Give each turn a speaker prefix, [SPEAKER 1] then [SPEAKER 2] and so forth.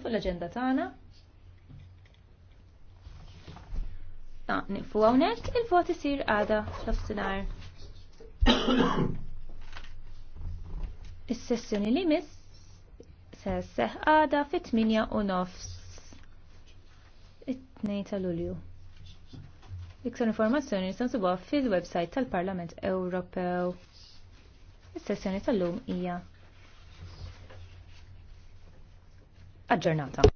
[SPEAKER 1] fuq l-agenda tagħna. Ta' nifu hawnhekk il-vot isir għada fl-ofsinar. Is-sessjoni li miss se seħ għada fit-8 u nofs. it tnejn ta' Lulju. Iktar informazzjoni nistansubuha fil-website tal-Parlament Ewropew. Is-sessjoni tal-lum hija
[SPEAKER 2] aġġornata.